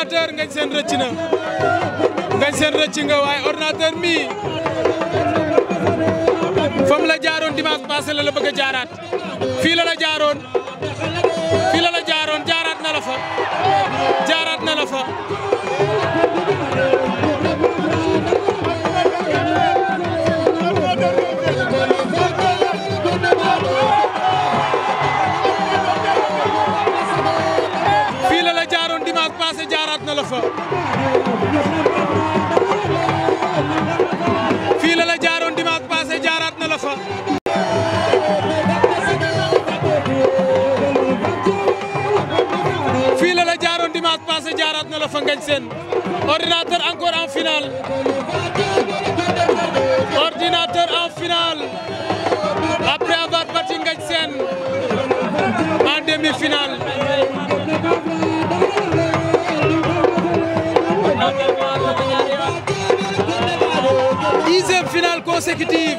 ordinateur na ngañ seen jaaroon a jaaraat fii la la jaaroon fii la la fa jaaraat na fa na la fa fii jaaroon dimanche passé jaaraat jaaraat na la fa ngañ seen ordinateur encore en finale ordinateur en finale demi-finale dixième finale consécutive